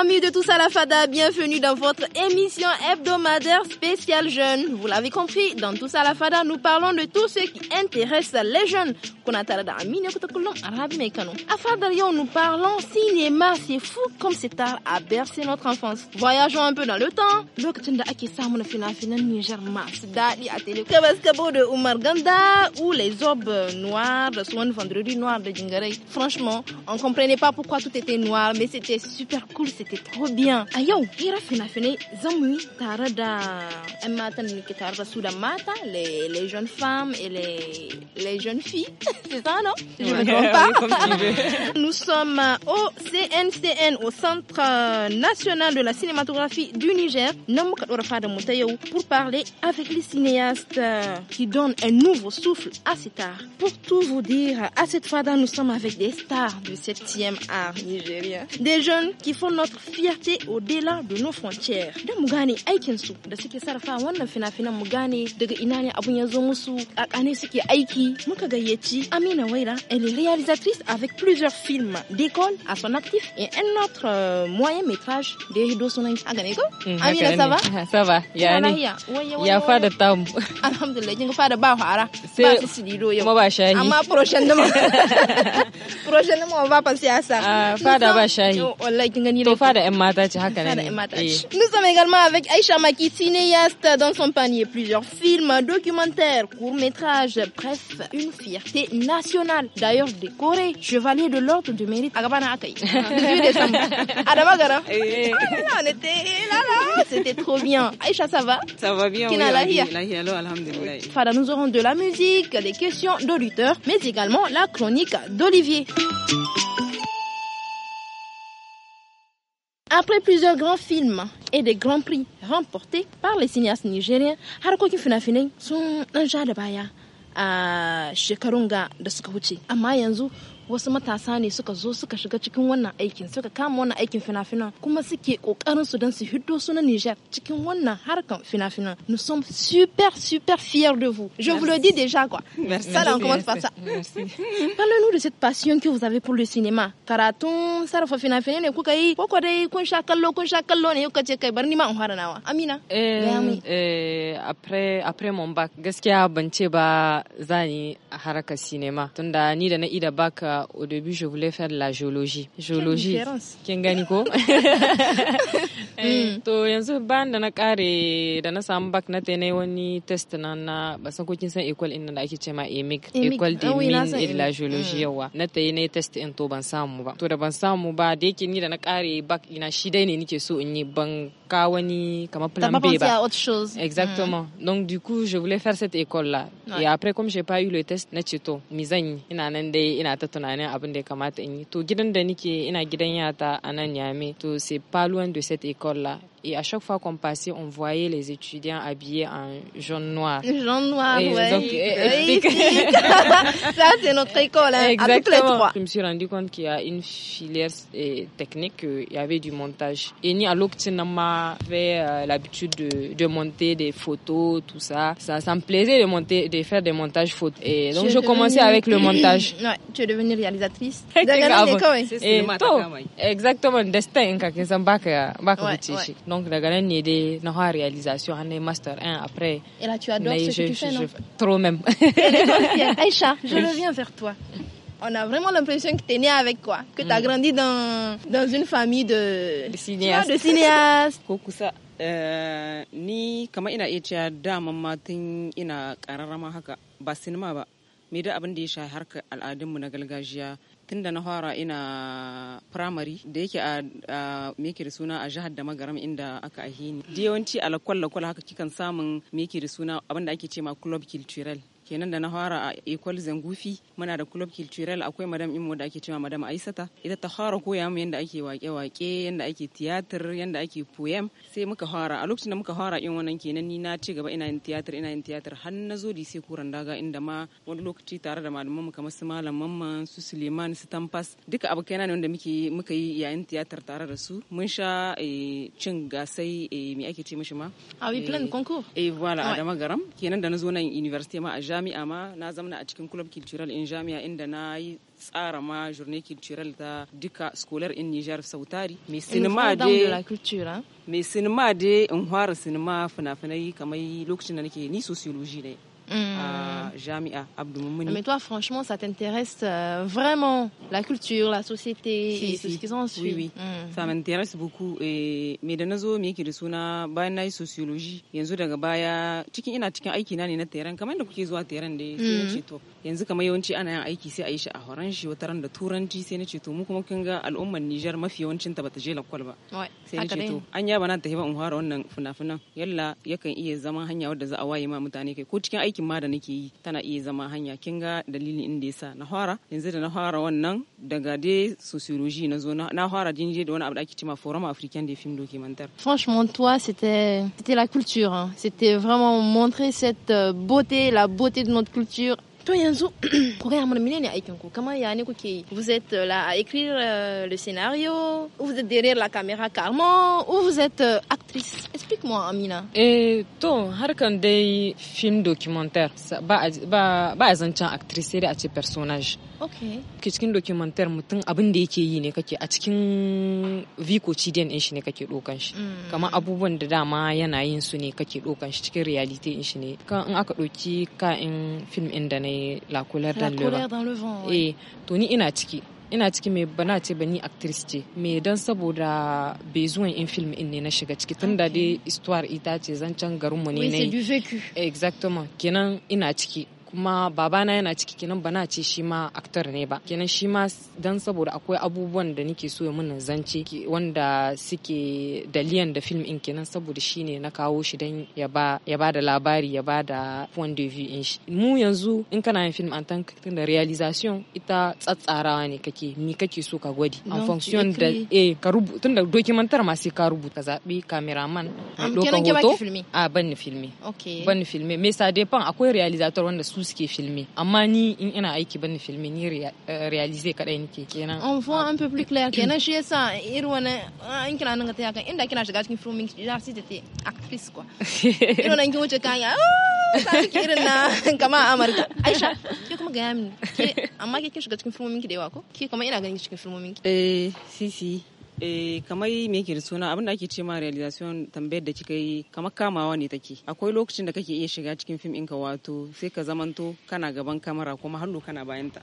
amis de tous à la Fada, bienvenue dans votre émission hebdomadaire spéciale jeunes. Vous l'avez compris, dans tous à la Fada, nous parlons de tout ce qui intéresse les jeunes. Afin nous parlons cinéma, c'est fou comme c'est tard à bercer notre enfance. Voyageons un peu dans le temps. Lokacin da Niger Kabaskabo de Umar Ganda ou les orbes noires de Swan Vendredi Noir de Jingarei. Franchement, on comprenait pas pourquoi tout était noir, mais c'était super cool, c'était Trop bien, Ayo, ah, ira fina-finai zan da Un da mata les, jeunes femmes et les, les jeunes filles c'est ça non je me trompe pas nous sommes au CNCN au Centre National de la Cinématographie du Niger pour parler avec les cinéastes euh, qui donnent un nouveau souffle à cet art pour tout vous dire à cette fois là, nous sommes avec des stars du 7e art nigérien des jeunes qui font notre fierté au-delà de nos frontières Da mugani Aïkensou, aikin su da suke sarfa wannan fina-finan mu gane daga ina ne abun ya musu a kane suke aiki muka gayyaci Amina Waira elle est réalisatrice avec plusieurs films d'école à son actif et un autre euh, moyen métrage de hido sunan Amina ça va ça va ya ne ya fada tamu alhamdulillah kin fada ba fara ba su su dido yau ba shahi amma prochain number prochain Ça. ba fa ah, fada ba shahi wallahi kin gani da eh. Nous sommes également avec Aïcha Maki, cinéaste dans son panier. Plusieurs films, documentaires, courts-métrages, bref, une fierté nationale. D'ailleurs, décoré chevalier de l'ordre du mérite C'était trop bien. Aïcha, ça va Ça va bien. Oui, Fada, nous aurons de la musique, des questions d'auditeurs, mais également la chronique d'Olivier. Après plusieurs grands films et des grands prix remportés par les cinéastes nigériens, Haroko Kifunafine sont sun un de baya a Shekarunga de da à wasu matasa ne suka zo suka shiga cikin wannan aikin suka kama wannan aikin fina-finan kuma suke kokarin su don su hiddo su na Niger cikin wannan harkan fina-finan nous sommes super super fiers de vous je vous le dis déjà quoi Merci. ça là on commence par ça parlez-nous de cette passion que vous avez pour le cinéma karatun sarrafa fina-finai ne kuka yi ko dai kun sha kallo kun sha kallo ne kuka ce kai bar ni ma in fara nawa amina eh, eh après après mon bac gaskiya ban ce ba zani harkar sinema tunda ni da na ida baka au début je voulais faire de la géologie géologie kin eh, mm. to yanzu bayan da na kare da na samu bak na tene wani test na na ba san ko kin san école inda da ake ma emic école de ah mines et de la géologie mm. wa. na tayi na test in to ban samu ba to da ban samu ba da yake ni da na kare bak ina shi dai ne nike so in yi ban kawani kama plan B bah. autre chose exactement mm. donc du coup je voulais faire cette école là ouais. et après comme j'ai pas eu le test na ceto mizanyi ina nan dai ina ta tunanin abin da kamata in yi to gidan da nike ina gidan yata a yame to c'est pas loin de cette école là et à chaque fois qu'on passait, on voyait les étudiants habillés en jaune noir. Jaune noir, euh, oui. ça, c'est notre école, hein, Exactement. les trois. Je me suis rendu compte qu'il y a une filière euh, technique, il y avait du montage. Et ni à on avait euh, l'habitude de, de, monter des photos, tout ça. Ça, ça me plaisait de monter, de faire des montages photos. Et donc, je, commençais avec le montage. Ouais, tu es devenue réalisatrice. Exactement. Exactement. Destin, donc, la galère ne dai na réalisation, realisation master 1 après. Et là, tu adores ce que tu fais, non Trop même. Aïcha, je reviens vers toi. On a vraiment l'impression que tu es né avec quoi Que tu as mm. grandi dans, dans une famille de, de cinéastes. Vois, de cinéastes. Euh, ni kamar ina iya cewa daman ma tun ina kararrama haka ba sinima ba me da abin da ya sha harkar al'adunmu na gargajiya tun da na fara ina primary da yake a meke da suna a jihar da magaram inda aka ahini. Da yawanci a lakwal lakwal haka kikan samun mekiri da suna abinda ake ce ma club cultural kenan da na fara a ecole zangufi muna da club cultural akwai madam imo da ake cewa madam aisata ita ta fara koya mu yadda ake wake-wake yadda ake tiyatar yadda ake poem sai muka fara a lokacin da muka fara yin wannan kenan ni na ci gaba ina yin tiyatar ina yin tiyatar har na zo da sai kuran daga inda ma wani lokaci tare da malaman mu kamar su malam mamman su suleiman su tampas duka abokai na ne wanda muke muka yi yayin tiyatar tare da su mun sha eh, cin gasai eh, me ake ce mishi ma a wi plan concours eh voilà ah a garam kenan da na zo nan university ma a jami'a ma na zamna a cikin club cultural in jami'a inda na yi tsara ma journée culturelle ta duka skolar in Niger sautari mai sinima de in fara sinima fina-finai kamar lokacin da nake ni sociology ne à mm. Jamia Abdoumouni. Mais toi, franchement, ça t'intéresse euh, vraiment la culture, la société si, et si. tout ce qu'ils ont suivi. Oui, oui. Mmh. Ça m'intéresse beaucoup. Et mais na ne na teran kamar da kuke zuwa teran da sai na mm. ce yawanci ana yin aiki y a il y a horon shi wata da turanci il y al'ummar Nijar mafi yawancin bata je lakwal ba. an ya a ta hiba wannan fina yalla yakan iya zama hanya Il za a mutane kai ko cikin aiki aikin ma da nake yi tana iya zama hanya kin ga dalilin inda yasa na fara yanzu da na fara wannan daga de sociology na zo na fara jinje da wani abu da ake cewa forum africain des films documentaires franchement toi c'était c'était la culture hein. c'était vraiment montrer cette euh, beauté la beauté de notre culture vous êtes euh, là à écrire euh, le scénario, ou vous êtes derrière la caméra carrément, ou vous êtes euh, actrice. Explique-moi, Amina. Et ton, harkan des films documentaires, ba a zancen actrice da a ce personnage. Ok. Qu'est-ce cikin documentaire mutum abin da yake yi ne kake a cikin viko cidian din shi ne kake dokan shi. Hmm. Kamar abubuwan da dama yana yin su ne kake dokan shi cikin reality din shi ne. Kan in aka doki ka in film din da la couleur dans le vent, dans le vent eh to ni ina ciki ina ciki mai bana ce bani actrice ce mai dan saboda besoin in film inne na shiga ciki tun da dai histoire ita ce zancan garin mu ne ne exactement kenan ina ciki kuma babana yana ciki kenan bana ce shi ma aktar ne ba kenan shi ma dan saboda akwai abubuwan da nake so ya mun zance wanda suke daliyan da film in kenan saboda shi ne na kawo shi dan ya ba ya ba da labari ya ba da point de vue in shi mu yanzu in kana yin film an tan da realization ita tsatsarawa ne kake ni kake so ka gwadi en function da eh ka rubuta tunda documentary ma sai ka rubuta zabi cameraman dokan hoto a banni filmi ah, ban banni filmi me sa dai akwai realizator wanda su su suke filmi amma ni in ina aiki ban filmi ni eh, realize kadai nake kenan an fo an public layer ah. kenan shi yasa irin wannan an ah, kina nan ga ta yakan inda kina shiga cikin filming za su ta actress kwa oh, irin na kin wuce kanya irin na kama a amurka aisha ke kuma gaya ke amma ke kin shiga cikin filming ki da yawa ko ke kuma ina ganin cikin filming ki eh si si eh kamar me yake da suna abin ake ce ma realization tambayar da kika yi kamar kamawa ne take akwai lokacin da kake iya shiga cikin fim ɗinka wato sai ka zamanto kana gaban kamera kuma hannu kana bayanta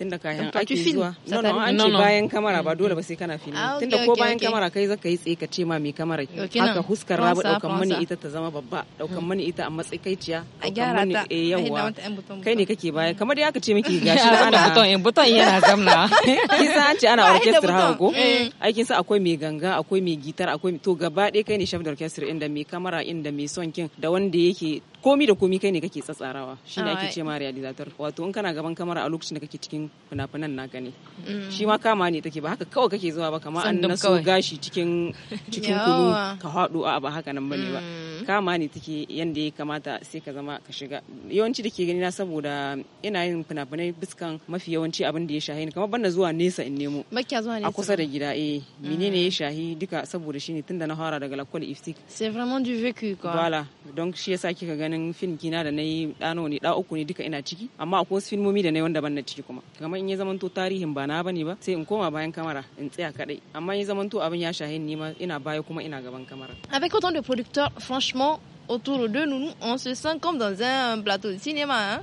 tunda kayan ake zuwa no no an ce bayan kamera ba dole ba sai kana filin ah, tunda ko bayan kamera kai zaka yi tsaye ka ce ma mai kamera haka huskar rabu daukan mani ita ta zama babba daukan hmm. mani ita a a gyara ta eh yawa kai ne kake bayan kamar da aka ce miki gashi ana buton in buton eh, yana zamna kisa an ce ana orchestra haka ko eh. aikin sa akwai mai ganga akwai mai gitar akwai to gaba ɗaya kai ne chef d'orchestre inda mai kamera inda mai son kin da wanda yake komi da komi kai ne kake tsatsarawa shi ne ake ce ma realizator wato in kana gaban kamara a lokacin da kake cikin fina-finan naka ne mm. shi ma kama ne take ba haka kawai kake zuwa ba kamar an na so gashi cikin cikin kunu ka haɗu a ba haka nan bane ba mm. kama ne take yanda ya kamata sai ka zama ka shiga yawanci da ke gani na saboda ina yin fina-finai biskan mafi yawanci abin da ya shahi ni kamar banda zuwa nesa in nemo a kusa da gida eh menene ya mm. shahi duka saboda shi tun tunda na fara daga lakwal iftik c'est vraiment du vécu quoi voilà donc shi yasa kika gani ganin film kina da nayi ɗano ne da uku ne duka ina ciki amma akwai wasu filmomi da nayi wanda ban na ciki kuma kamar in ya to tarihin ba na bane ba sai in koma bayan kamera in tsaya kadai amma in ya to abin ya shahin ni ma ina baya kuma ina gaban kamera avec autant de producteurs franchement autour de nous on se sent comme dans un plateau de cinéma hein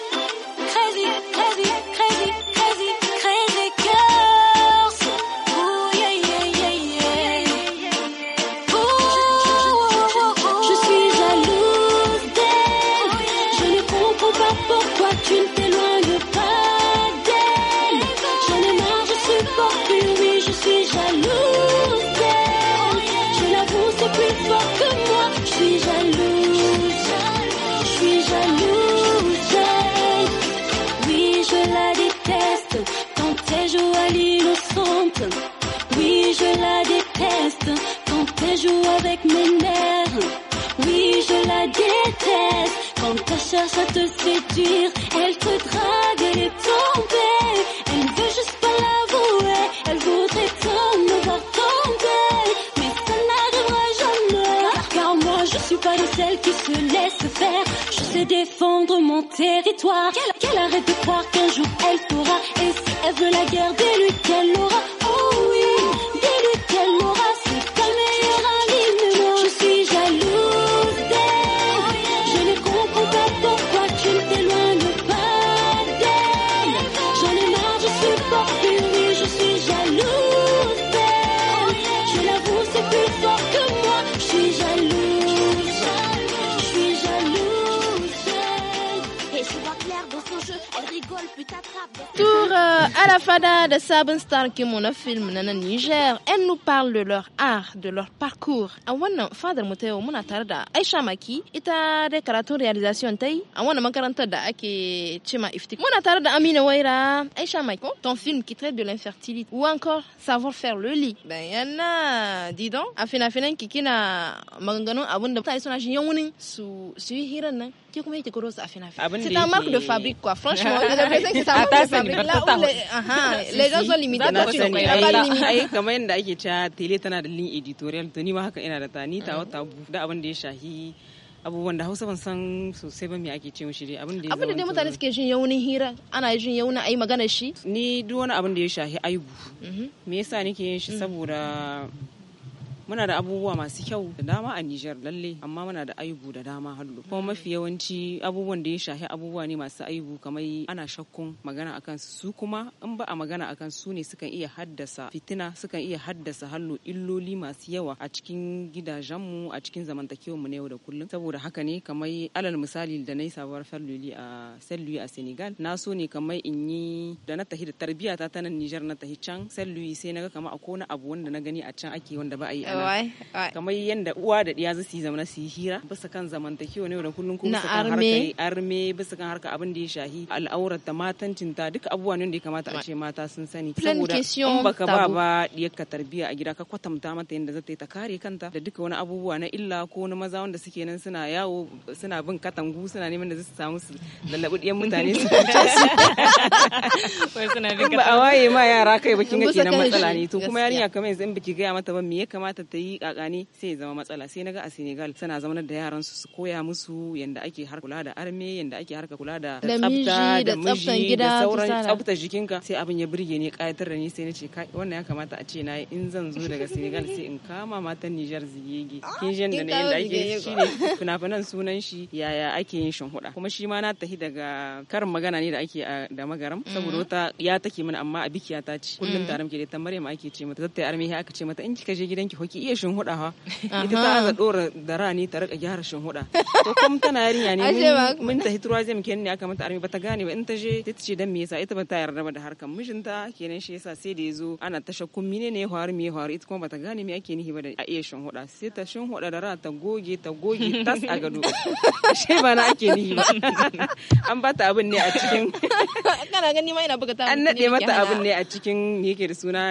Je te séduire, elle à fada de Sabon Star qui mon film nana Niger. Elles nous parlent de leur art, de leur parcours. A wannan fadar mu ta yau muna da Aisha Maki ita da karatun realization tai a wannan makarantar da ake cema iftik. Muna tare da Amina Waira, Aisha Maki, ton film qui traite de l'infertilité ou encore savoir faire le lit. Ben yana dis donc a fina finan ki kina maganganun abun da mutane suna jin yawunin su su yi nan. Ki kuma yake koro su a fina C'est un marque de fabrique quoi. Franchement, j'ai l'impression que c'est ta marque de fabrique aha so limited na cin ai kamar yadda ake ta tele tana da lin editorial to ni ma haka ina da ta ni ta wata da abin da ya shahi abubuwan da hausa ban san sosai ba me ake ce mishi dai abin da ya abin da mutane suke jin yaunin hira ana jin yaunin ai magana shi ni duk wani abin da ya shahi aibu mhm. me yasa nake yin shi saboda muna da abubuwa masu kyau da dama a Nijar lalle amma muna da aibu da dama hallo kuma mafi yawanci abubuwan da ya shahi abubuwa ne masu aibu kamar ana shakkun magana akan su kuma in ba a magana akan su ne sukan iya haddasa fitina sukan iya haddasa hallo illoli masu yawa a cikin gidajenmu a cikin mu na yau da kullum saboda haka ne kamar alal misali da na yi sabuwar falloli a Saint a Senegal na so ne kamar in yi da na tahi da tarbiyata ta nan Nijar na tahi can Saint sai na ga kamar akwai wani abu wanda na gani a can ake wanda ba a yi a wai kamar yadda uwa da ɗiya za su yi zamana su yi hira bisa kan zamantakewa ne wadda kullum ko bisa kan arme bisa kan harka abin da ya shahi al'aurar ta matancin ta duka abubuwa ne da ya kamata a ce mata sun sani saboda in baka ba ba diyar ka tarbiyya a gida ka kwatanta mata yadda za ta yi ta kare kanta da duka wani abubuwa na illa ko na maza wanda suke nan suna yawo suna bin katangu suna neman da su samu su lallabu ɗiyan mutane su ba a waye ma yara kai ba kin ga kenan matsala ne to kuma yarinya kamar yanzu in biki gaya mata ba me ya kamata ta yi kakani sai ya zama matsala sai naga a Senegal suna zama da yaran su su koya musu yanda ake har kula da arme yanda ake harka kula da tsafta da tsaftan miji da sauran tsafta jikinka sai abin ya burge ni kayatar da ni sai na ce wannan ya kamata a ce na in zan zo daga Senegal sai in kama matan Niger zigege ah, kin jin da yanda ake shine fina-finan sunan shi yaya ake yin shinhuda kuma shi ma na tahi daga karin magana ne da ake da magaram mm. saboda wata ya take mana amma a bikiya ta ce kullum mm. tare muke da ta Maryam ake ce mata zattai arme aka ce mata in kika je gidanki ki iya shinhuda ha ita ta za dora da rani ta rika gyara shinhuda to kuma tana yarinya ne mun ta hitruwa zai muke ne aka mata ba ta gane ba in ta je ta ce dan me yasa ita ta yarda ba da harkan mijinta kenan shi yasa sai da yazo ana ta shakkun mine ne ya faru me ya faru ita kuma ba ta gane me ake nihi ba da a iya shinhuda sai ta shinhuda da rana ta goge ta goge tas a gado shi ba na ake nihi ba an bata abin ne a cikin kana gani ma ina buga ta an nade mata abin ne a cikin yake da suna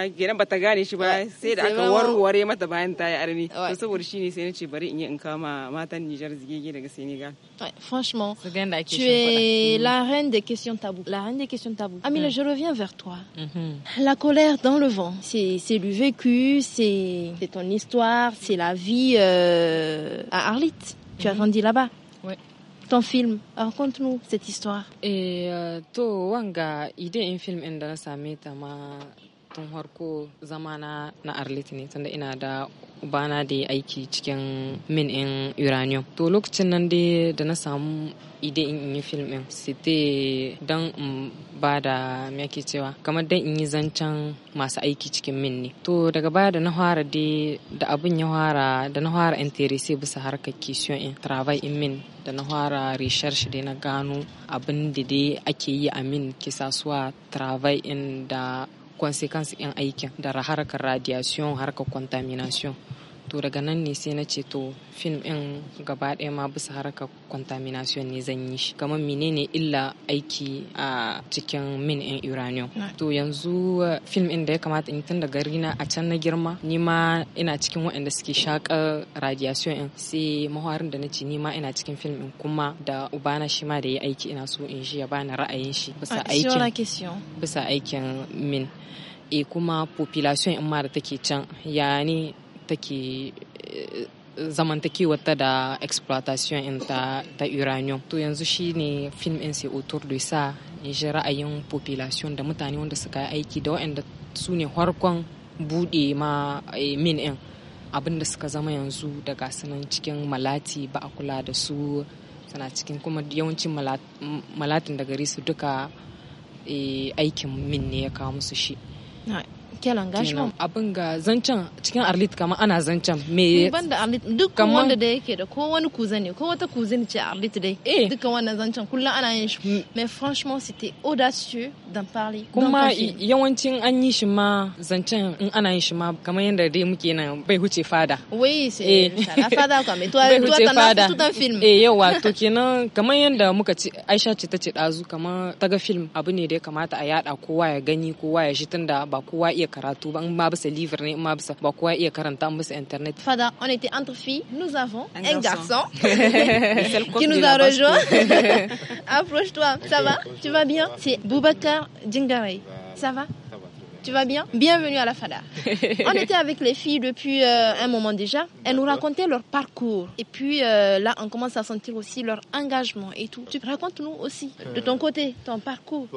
ba ta gane shi ba eh, sai da aka warware mata bayan ta yi armi to saboda shine sai na ce bari in yi in kama matan Niger zigege daga Senegal franchement tu es la mm-hmm. reine des questions tabous, la reine des questions Ah mais mm-hmm. je reviens vers toi mm-hmm. la colère dans le vent c'est c'est le vécu c'est c'est ton histoire c'est la vie euh, à Arlit tu as grandi là-bas ouais ton film. Raconte-nous cette histoire. Et euh, to wanga idée un film en dans sa ta ma tun harko zamana na arlit ne tunda ina da ubana da aiki cikin min in uranium to lokacin nan dai da na samu ide in yi film din site dan in ba da me cewa kamar dan in yi zancen masu aiki cikin min ne to daga baya da na fara dai da abin ya fara da na fara interesse bisa harkar kishiyon in travel in min da na fara research dai na gano abin da dai ake yi a min kisa suwa travel in da consequence in aikin da harkar radiation harkar contamination to daga nan ne sai na ce to fim ɗin gaba ɗaya ma bisa haraka contamination ne zan yi shi kamar menene illa aiki a cikin min ɗin uranium to yanzu uh, fim ɗin da ya kamata in tun da gari na a can na girma ni ma ina cikin waɗanda suke shakar radiation ɗin sai mahawarin da na ce ni ma ina cikin fim ɗin kuma da ubana shi ma da ya aiki ina so in shi ya bani ra'ayin shi bisa ah, aikin bisa aikin min e kuma population in ma da take can ya ne take eh, wata da exploitation in ta, ta uranium to yanzu shi ne film ɗin sai otor da sa ji ra'ayin population da mutane wanda suka yi aiki da waɗanda su ne harkon buɗe ma eh, min in abin suka zama yanzu daga sunan cikin malati ba a kula da su sana cikin kuma yawancin malatin da gari su duka eh, aikin min ne ya kawo musu shi kelan gashman abin ga zancen cikin arlit kama ana zancen me ban da arlit duk wanda da yake da ko wani kuza ne ko wata kuza ce arlit dai eh. duka wannan zancen kullum ana yin shi hmm. mais franchement c'était audacieux d'en parler kuma yawancin an yi shi ma zancen in ana yin shi ma kamar yadda dai muke nan bai huce fada oui c'est la eh. fada quoi mais toi toi t'as tout un film eh yawa to kenan kamar yadda muka ci Aisha ce ta ce dazu kamar ta ga film abu ne da ya kamata a yada kowa ya gani kowa ya shi tunda ba kowa internet fada on était entre filles nous avons un, garçon, qui nous a rejoint approche-toi ça va tu vas bien c'est Boubacar Djingarei. ça va tu vas bien Bienvenue à la Fada. on était avec les filles depuis euh, un moment déjà. Elles nous racontaient leur parcours. Et puis euh, là, on commence à sentir aussi leur engagement et tout. Tu racontes-nous aussi de ton euh, côté, ton parcours.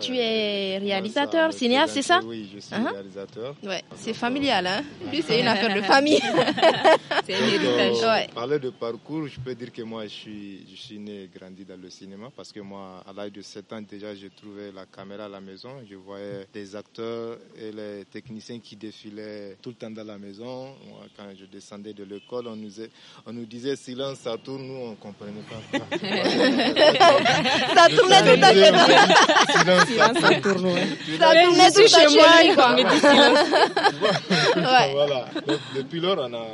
tu es réalisateur, cinéaste, c'est ça Oui, je suis uh-huh. réalisateur. Ouais, c'est familial, hein ah. c'est une affaire de famille. c'est héritage. Parler de parcours, je peux dire que moi, je suis, je suis né et grandi dans le cinéma parce que moi, à l'âge de 7 ans déjà, j'ai trouvé la caméra à la maison. Je voyais des acteurs euh, et les techniciens qui défilaient tout le temps dans la maison. quand je descendais de l'école, on nous, on nous disait silence, ça tourne, nous on comprenait pas. ça tournait tout à fait. Silence, ça tourne. Ça tournait tout à moi. Depuis lors, on a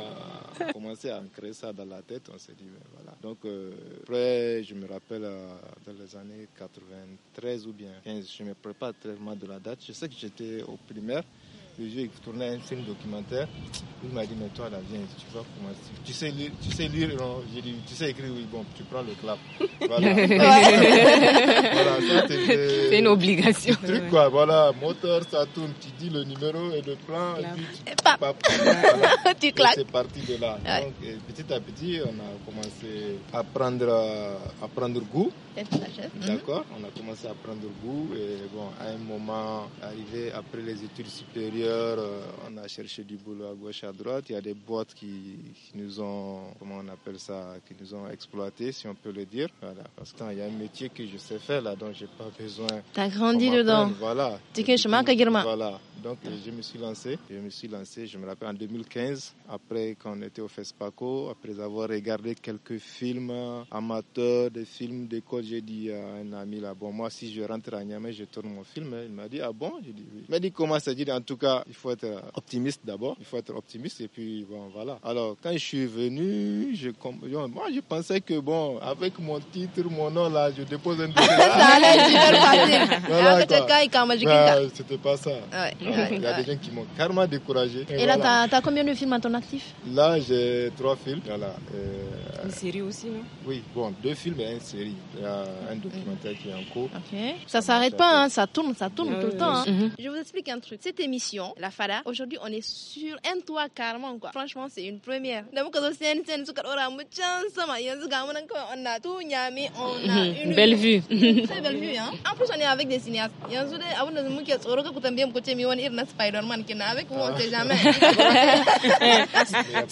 a commencé à créer ça dans la tête, on s'est dit, ben voilà. Donc, euh, après, je me rappelle euh, dans les années 93 ou bien 15, je me prépare très mal de la date. Je sais que j'étais au primaire le tourné tournait un film documentaire. Il m'a dit, mais toi, là, viens, tu Tu sais lire, tu sais lire, non tu sais écrire, oui, bon, tu prends le clap. Voilà. c'est une obligation. quoi, voilà, moteur, ça tourne, tu dis le numéro et le plan, clap. et tu, C'est parti de là. Donc, petit à petit, on a commencé à prendre, à prendre goût. Mhm. D'accord, on a commencé à prendre goût. Et bon, à un moment, arrivé après les études supérieures, euh, on a cherché du boulot à gauche, à droite. Il y a des boîtes qui, nous ont, comment on appelle ça, qui nous ont exploité, si on peut le dire. Voilà. Parce qu'il y a un métier que je sais faire là, donc j'ai pas besoin. tu as grandi dedans. Voilà. Voilà. Donc euh, je me suis lancé. Je me suis lancé, je me rappelle, en 2015, après qu'on était au FESPACO, après avoir regardé quelques films amateurs, des films d'école, j'ai dit à un ami là, bon, moi si je rentre à Niamey, je tourne mon film. Hein. Il m'a dit, ah bon? Dit, oui. Il m'a dit, comment ça? dit, en tout cas, il faut être euh, optimiste d'abord. Il faut être optimiste et puis bon, voilà. Alors, quand je suis venu, je, moi, je pensais que bon, avec mon titre, mon nom là, je dépose un dossier. ça allait super facile. C'était pas ça. il y a des gens qui m'ont carrément découragé. Et, là, t'as as combien de films à ton actif Là, j'ai trois films. Voilà. Euh, une série aussi, non Oui, bon, deux films et une série. Il y a un documentaire qui est en cours. Ça s'arrête pas, hein, ça tourne, ça tourne tout le temps. Hein. Je vous explique un truc. Cette émission, la fada aujourd'hui on est sur un toit carrément quoi franchement c'est une première une belle vue hein. en plus on est avec des cinéastes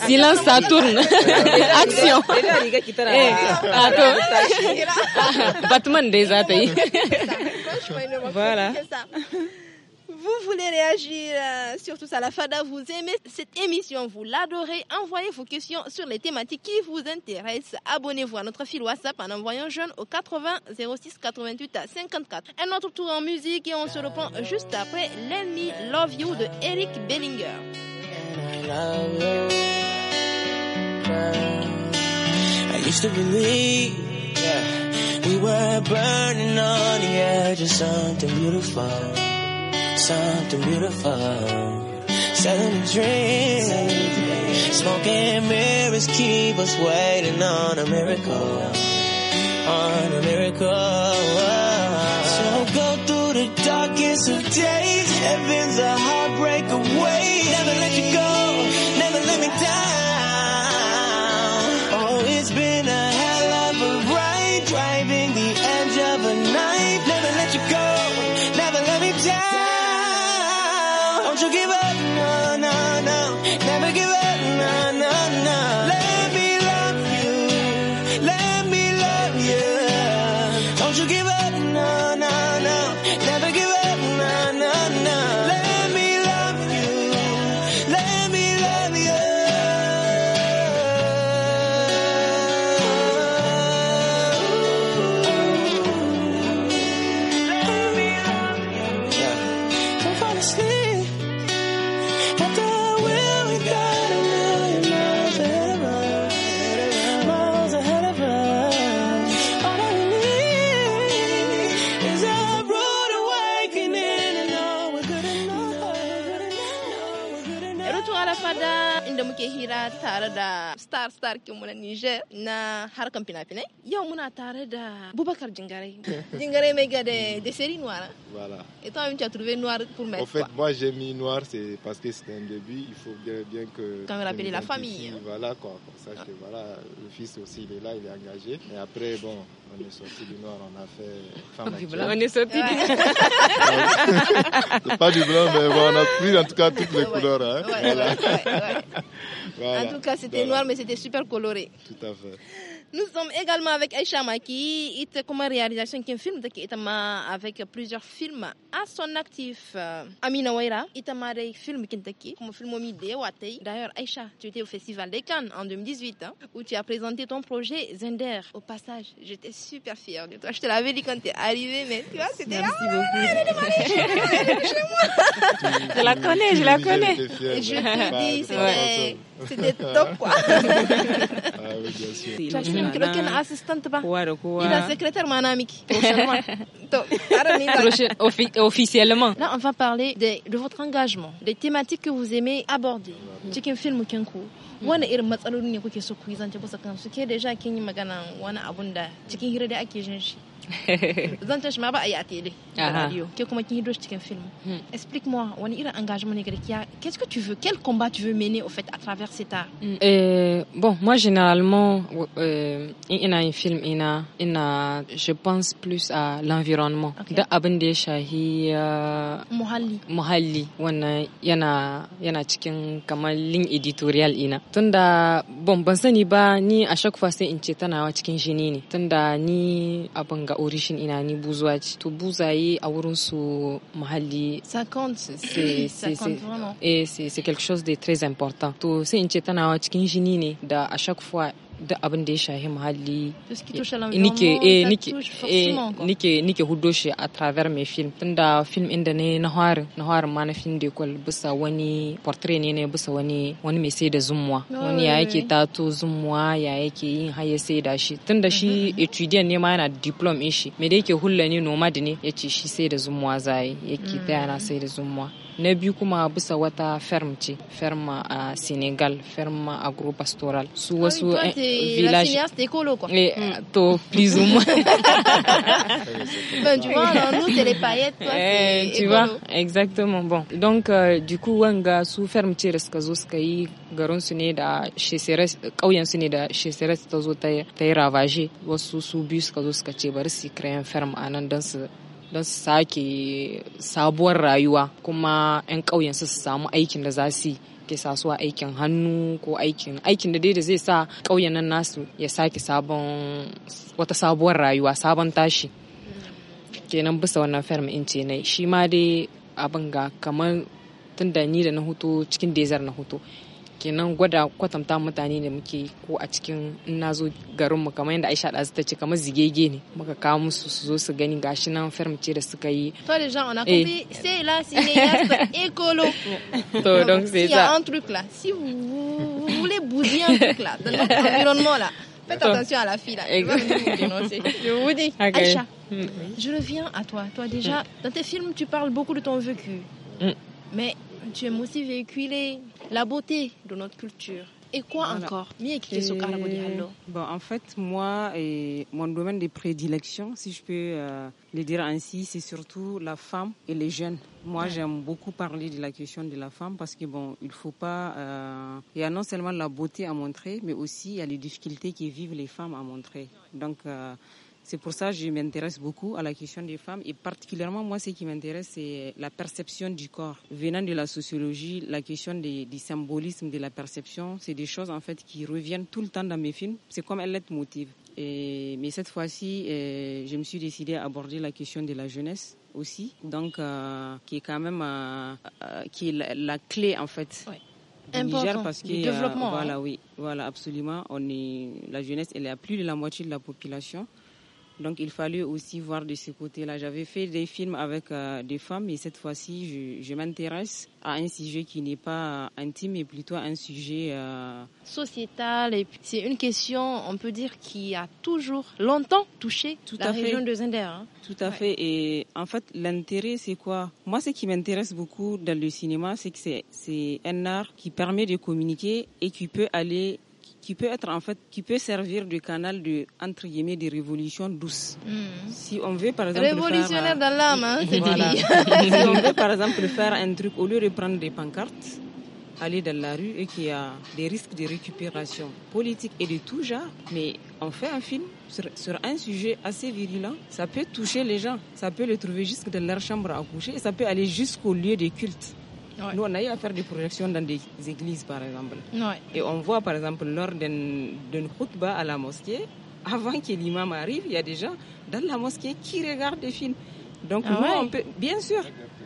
silence ça tourne action eh, Batman déjà, t'es. voilà vous voulez réagir euh, sur tout ça, la FADA, vous aimez cette émission, vous l'adorez, envoyez vos questions sur les thématiques qui vous intéressent. Abonnez-vous à notre fil WhatsApp en envoyant jeune au 80 06 88 54. Un autre tour en musique et on se reprend juste après L'ennemi Love You de Eric Bellinger. something beautiful. Selling a dream. Smoking mirrors keep us waiting on a miracle. On a miracle. So go through the darkest of days. Heaven's a heartbreak away. Never let you go. Never let me die. star star kin Niger na harkan fina muna tare da Boubacar Jingare Jingare des séries noires voilà et toi tu as trouvé noir pour mettre en fait moi j'ai mis noir c'est parce que c'était un début il faut bien, que quand on rappelle la famille hein. voilà quoi ça que ah. voilà le fils aussi il est là il est engagé et après bon on est sorti du noir, on a fait On est sorti du noir. pas du blanc, mais bon, on a pris en tout cas toutes les couleurs. Hein. voilà. En tout cas, c'était noir, mais c'était super coloré. Tout à fait. Nous sommes également avec Aïcha Maki, it comme réalisation qu'un film avec plusieurs films à son actif. Amina Waira, itama des films qui, comme film Omide Watei. D'ailleurs, Aïcha, tu étais au Festival des Cannes en 2018, hein, où tu as présenté ton projet Zender. Au passage, j'étais super fière de toi. Je te l'avais dit quand tu es arrivée, mais tu vois, c'était Merci oh là beaucoup. elle est chez moi. Je la connais, je la connais. je te dis, bah, c'était top quoi. Ah, tu as bien sûr. Chachmi mkilo pas assistant ba. Waro Il Ila secrétaire ami. Officiellement. Là, on va parler de, votre engagement, des thématiques que vous aimez aborder. qu'un film ou cours. wani irin matsaloli ne kuke so ku yi zance kusa kansu ke da sha kin yi magana wani abun da cikin hira da ake jin shi zancen shi ma ba a yi a tele radio ke kuma kin hido cikin film hmm. explique moi wani irin engagement ne gare ki qu'est-ce que tu veux quel combat tu veux mener au fait à travers cet art hmm. euh, bon moi généralement euh, ina yin film ina ina je pense plus à l'environnement da abin da ya shahi muhalli muhalli wannan yana yana cikin kamar lin editorial ina tunda bon ban sani ba ni a chaque fois sai in ce tana cikin jini ne tunda ni abin ga origine inani ina ni buzuwa ce to buzaye a wurin ça c'est c'est quelque chose de très important tu c'est in ce tana cikin da a chaque fois da abin da ya shahi muhalli nike eh, eh, nike nike hudo shi a travers mai film tunda film inda ne na harin na harin ma na film de kwal bisa wani portrait ne ne bisa wani wani mai sai da zumuwa wani ya yake tato zumuwa ya yake yin har sai da shi tunda shi etudiant mm-hmm. ne ma yana diplom in shi me da yake hulla ne nomad ne yace shi sai da zumuwa zai yake mm. ta yana sai da zumuwa na biyu kuma bisa wata ferm ce ferm a senegal ferm agro-pastoral su ah wasu eh, village eh, hmm. to plus ou moins tu vois nous c'est les paillettes toi eh, tu vois exactement bon donc euh, du coup wanga su ferm ce da zo suka yi garin su ne da sheseres kauyen su ne da sheseres ta zo ta yi ravage wasu su biyu suka zo suka ce bari su yi ferm a nan don su don su sake sabuwar rayuwa kuma 'yan ƙauyen su samu aikin da za su yi ke sasuwa aikin hannu ko aikin aikin da dai da zai sa ƙauyen nan nasu ya sake sabon wata sabuwar rayuwa sabon tashi kenan bisa wannan ferm in ce nai shi ma dai abin ga kamar tun da ni da na hutu cikin dezar na hutu kenan gwada kwatanta mutane ne muke ko a cikin na zo garin mu kamar yadda Aisha ɗazu ta ce kamar zigege ne muka kawo musu su zo su gani gashi nan firm ce da suka yi toi les gens on a eh. compris c'est là c'est écolo to donc c'est ça il y a un truc si vous, voulez bousiller un truc là dans notre là Faites attention à la fille là. Je vous dis. Okay. Aïcha, mm je reviens à toi. Toi déjà, hmm. dans tes films, tu parles beaucoup de ton vécu. Hmm. Mais tu aussi véhiculer la beauté de notre culture. Et quoi encore et... en fait, moi, et mon domaine de prédilection, si je peux euh, le dire ainsi, c'est surtout la femme et les jeunes. Moi, j'aime beaucoup parler de la question de la femme parce que bon, il faut pas. Euh, il y a non seulement la beauté à montrer, mais aussi il y les difficultés que vivent les femmes à montrer. Donc euh, c'est pour ça que je m'intéresse beaucoup à la question des femmes et particulièrement moi ce qui m'intéresse c'est la perception du corps. Venant de la sociologie, la question du symbolisme, de la perception, c'est des choses en fait qui reviennent tout le temps dans mes films. C'est comme un leitmotiv. Et, mais cette fois-ci, euh, je me suis décidé à aborder la question de la jeunesse aussi, donc euh, qui est quand même euh, qui la, clé en fait. Ouais. Du parce développement, hein. voilà oui voilà absolument on est la jeunesse elle est à plus de la moitié de la population donc il fallait aussi voir de ce côté-là. J'avais fait des films avec euh, des femmes et cette fois-ci, je, m'intéresse à un sujet qui n'est pas intime mais plutôt un sujet euh, sociétal. Et c'est une question, on peut dire, qui a toujours longtemps touché Tout la à région fait. de Zender. Hein. Tout à fait. Et en fait, l'intérêt, c'est quoi Moi, ce qui m'intéresse beaucoup dans le cinéma, c'est que c'est un art qui permet de communiquer et qui peut aller qui peut être en fait, qui peut servir de canal de entre guillemets de révolution douce. Mm. Si on veut par exemple révolutionnaire faire, dans l'âme, hein, si on veut par exemple faire un truc au lieu de prendre des pancartes, aller dans la rue et qu'il y a des risques de récupération politique et de tout genre, mais on fait un film sur, un sujet assez virulent, ça peut toucher les gens, ça peut les trouver jusque dans leur chambre à coucher et ça peut aller jusqu'au lieu des cultes. Nous, on a eu à faire des projections dans des églises, par exemple. Et on voit, par exemple, lors d'une khutba à la mosquée, avant que l'imam arrive, il y a des gens dans la mosquée qui regardent des films. Donc, ah on bien sûr,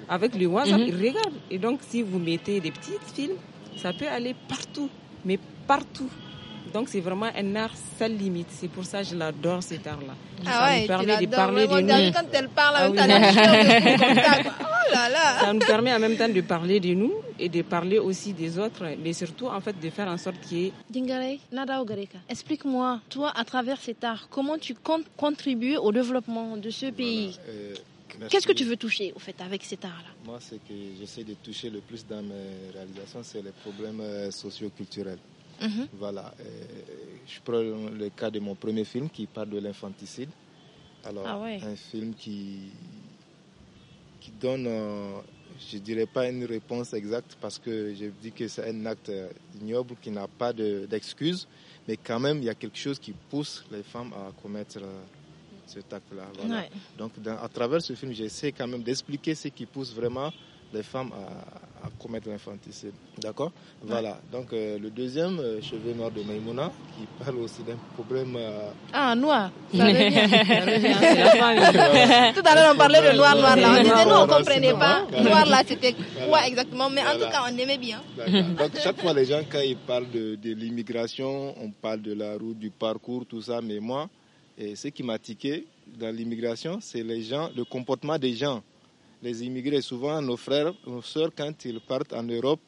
avec le WhatsApp, mhm. ils regardent. Et donc, si vous mettez des petits films, ça peut aller partout, mais partout. Donc c'est vraiment un art sans limite. C'est pour ça que je cet art-là. Ah ça nous permet de parler de nous. elle parle ah Ça nous oh permet en même temps de parler de nous et de parler aussi des autres, mais surtout en fait de faire en sorte qu'il y ait. explique-moi, toi à travers cet art, comment tu comptes contribuer au développement de ce pays euh, Qu'est-ce que tu veux toucher au fait avec cet art-là Moi, ce que j'essaie de toucher le plus dans mes réalisations, c'est les problèmes euh, socio-culturels Mhm. Voilà. Euh, je prends le cas de mon premier film qui parle de l'infanticide. Alors, ah un film qui, qui donne, euh, je dirais pas une réponse exacte parce que je dis que c'est un acte euh, ignoble qui n'a pas d'excuse, mais quand même, il y a quelque chose qui pousse les femmes à commettre ce cet acte-là. Donc, à travers ce film, j'essaie quand même d'expliquer ce qui pousse vraiment les femmes à, à commettre l'infanticide. D'accord Voilà. Donc euh, le deuxième, euh, cheveux noirs de Maïmouna, qui parle aussi d'un problème. Euh, ah, noir euh, Tout à l'heure, on parlait de noir, noir là. On disait, nous, on ne comprenait pas. Noir là, c'était quoi exactement Mais en tout cas, on aimait bien. Donc chaque fois, les gens, quand ils parlent de, de l'immigration, on parle de la route, du parcours, tout ça. Mais moi, et ce qui m'a tiqué dans l'immigration, c'est les gens, le comportement des gens les immigrés, souvent nos frères, nos sœurs, quand ils partent en Europe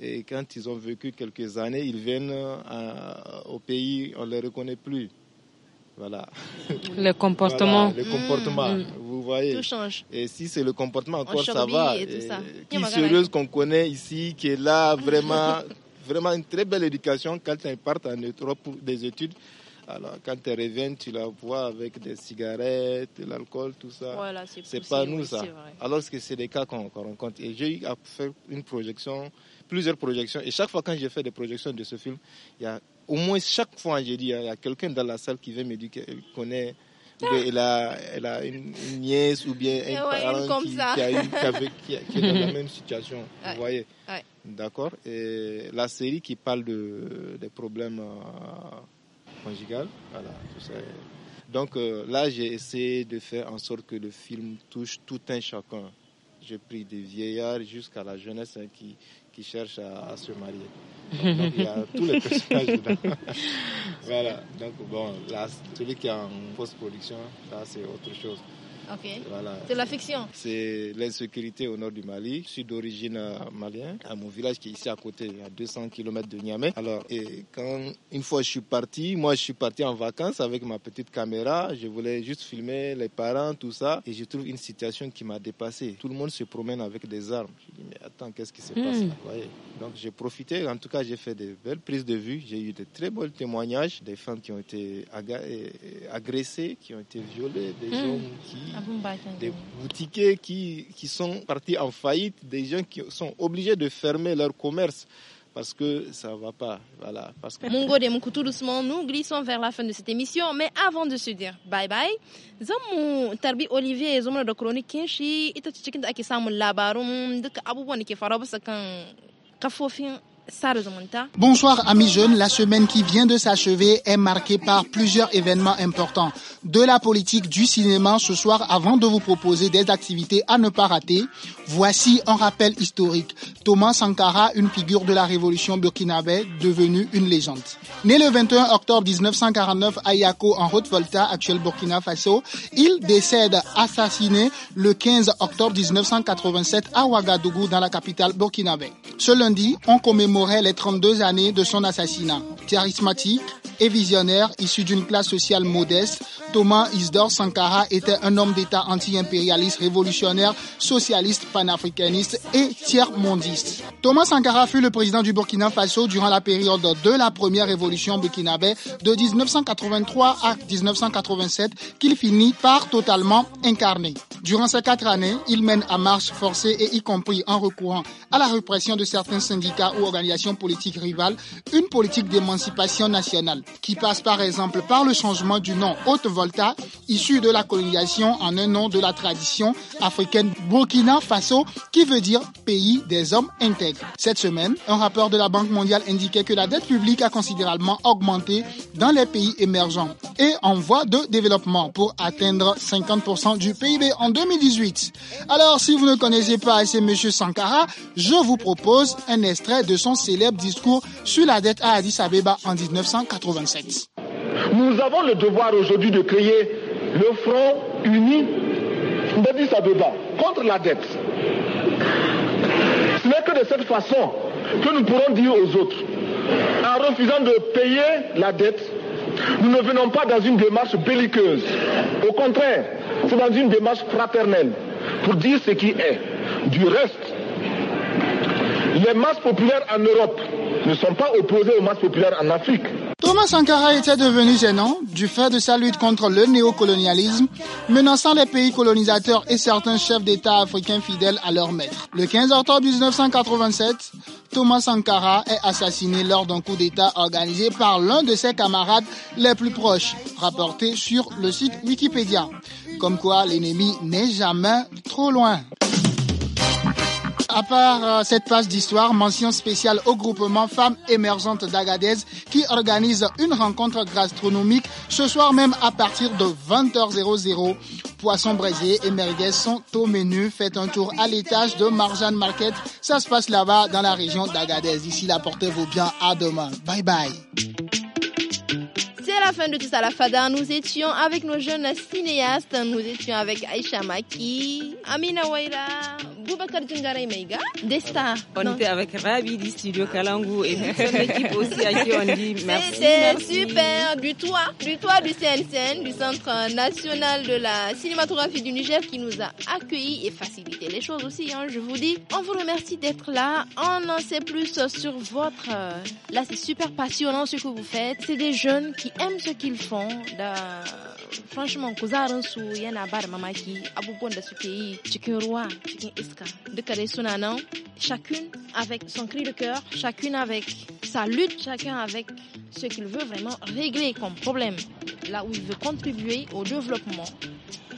et quand ils ont vécu quelques années, ils viennent euh, au pays, on ne les reconnaît plus. Voilà. Le comportement. le comportement, mm. vous voyez. Tout change. Et si c'est le comportement, encore ça va. Et qui sérieuse qu'on connaît ici, qui est là, vraiment, vraiment une très belle éducation quand ils partent en Europe pour des études. Alors, quand tu reviens, tu la vois avec des cigarettes, l'alcool, tout ça. Voilà, c'est pas nous, ça. Alors que c'est des cas qu'on rencontre. Et j'ai eu une projection, plusieurs projections. Et chaque fois, quand j'ai fait des projections de ce film, il y a au moins chaque fois, j'ai dit, il y a quelqu'un dans la salle qui vient me dire qu'elle connaît. Elle a, elle a une, nièce ou bien un parent qui, a qui, est dans la même situation. Vous voyez D'accord Et la série qui parle de, des problèmes. Euh, conjugale. Donc euh, là, j'ai essayé de faire en sorte que le film touche tout un chacun. J'ai pris des vieillards jusqu'à la jeunesse hein, qui, qui cherche à, se marier. Donc, il y a tous les personnages voilà. Donc bon, là, celui qui est en post-production, là, c'est autre chose. C'est la fiction. C'est l'insécurité au nord du Mali. Je suis d'origine euh, malienne, à mon village qui est ici à côté, à 200 km de Niamey. Alors, et quand une fois je suis parti, moi je suis parti en vacances avec ma petite caméra. Je voulais juste filmer les parents, tout ça. Et je trouve une situation qui m'a dépassé. Tout le monde se promène avec des armes. Je dis, mais attends, qu'est-ce qui se hmm. passe là Donc, j'ai profité. En tout cas, j'ai fait des belles prises de vue. J'ai eu de très beaux témoignages des femmes qui ont été agressées, qui ont été violées, des hmm. hommes qui ah ah bah, des boutiques qui, qui sont partis en faillite, des gens qui sont obligés de fermer leur commerce parce que ça va pas. Voilà. Parce que... Mon tout doucement, nous glissons vers la fin de cette émission, mais avant de se dire bye bye, zamu tarbi Olivier et de chronique kin de ce cikin nous ake labarun duka Bonsoir amis jeunes, la semaine qui vient de s'achever est marquée par plusieurs événements importants. De la politique, du cinéma, ce soir, avant de vous proposer des activités à ne pas rater, voici un rappel historique. Thomas Sankara, une figure de la révolution burkinabé, devenue une légende. Né le 21 octobre 1949 à Yako, en Haute-Volta, actuel Burkina Faso, il décède assassiné le 15 octobre 1987 à Ouagadougou, dans la capitale burkinabé. Ce lundi, on commémore les 32 années de son assassinat. Charismatique et visionnaire, issu d'une classe sociale modeste, Thomas Isdor Sankara était un homme d'État anti-impérialiste, révolutionnaire, socialiste, panafricaniste et tiers-mondiste. Thomas Sankara fut le président du Burkina Faso durant la période de la première révolution burkinabé de 1983 à 1987 qu'il finit par totalement incarner. Durant ces quatre années, il mène à marche forcée et y compris en recourant à la répression de certains syndicats ou organisations politique rivale, une politique d'émancipation nationale qui passe par exemple par le changement du nom Haute-Volta, issu de la colonisation en un nom de la tradition africaine Burkina Faso, qui veut dire pays des hommes intègres. Cette semaine, un rapport de la Banque mondiale indiquait que la dette publique a considérablement augmenté dans les pays émergents et en voie de développement pour atteindre 50% du PIB en 2018. Alors, si vous ne connaissez pas ces monsieur Sankara, je vous propose un extrait de son célèbre discours sur la dette à Addis Abeba en 1987. Nous avons le devoir aujourd'hui de créer le front uni d'Addis Abeba contre la dette. Ce n'est que de cette façon que nous pourrons dire aux autres, en refusant de payer la dette, nous ne venons pas dans une démarche belliqueuse. Au contraire, c'est dans une démarche fraternelle pour dire ce qui est. Du reste, les masses populaires en Europe ne sont pas opposées aux masses populaires en Afrique. Thomas Sankara était devenu gênant du fait de sa lutte contre le néocolonialisme, menaçant les pays colonisateurs et certains chefs d'État africains fidèles à leur maître. Le 15 octobre 1987, Thomas Sankara est assassiné lors d'un coup d'État organisé par l'un de ses camarades les plus proches, rapporté sur le site Wikipédia. Comme quoi, l'ennemi n'est jamais trop loin. À part euh, cette page d'histoire, mention spéciale au groupement Femmes émergentes d'Agadez qui organise une rencontre gastronomique ce soir même à partir de 20h00. Poissons braisé et merguez sont au menu. Faites un tour à l'étage de Marjan Market. Ça se passe là-bas dans la région d'Agadez. Ici, là, portez-vous bien. À demain. Bye bye. C'est la fin de tout ça, la fada. Nous étions avec nos jeunes cinéastes. Nous étions avec Aïcha Maki, Amina Waira, Desta. On était avec Rabi du studio Kalangu et aussi à on dit merci. C'est super. Du toit, du toit du CNCN, du Centre national de la cinématographie du Niger qui nous a accueillis et facilité les choses aussi. Hein, je vous dis, on vous remercie d'être là. On en sait plus sur votre. Euh, là, c'est super passionnant ce que vous faites. C'est des jeunes qui aiment ce qu'ils font franchement kuzarin su yana Bar da mamaki abubuwan da suke yi cikin ruwa cikin iska duka dai suna nan chacune avec son cri de cœur chacune avec sa lutte chacun avec ce qu'il veut vraiment régler comme problème là où il veut contribuer au développement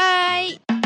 Bye.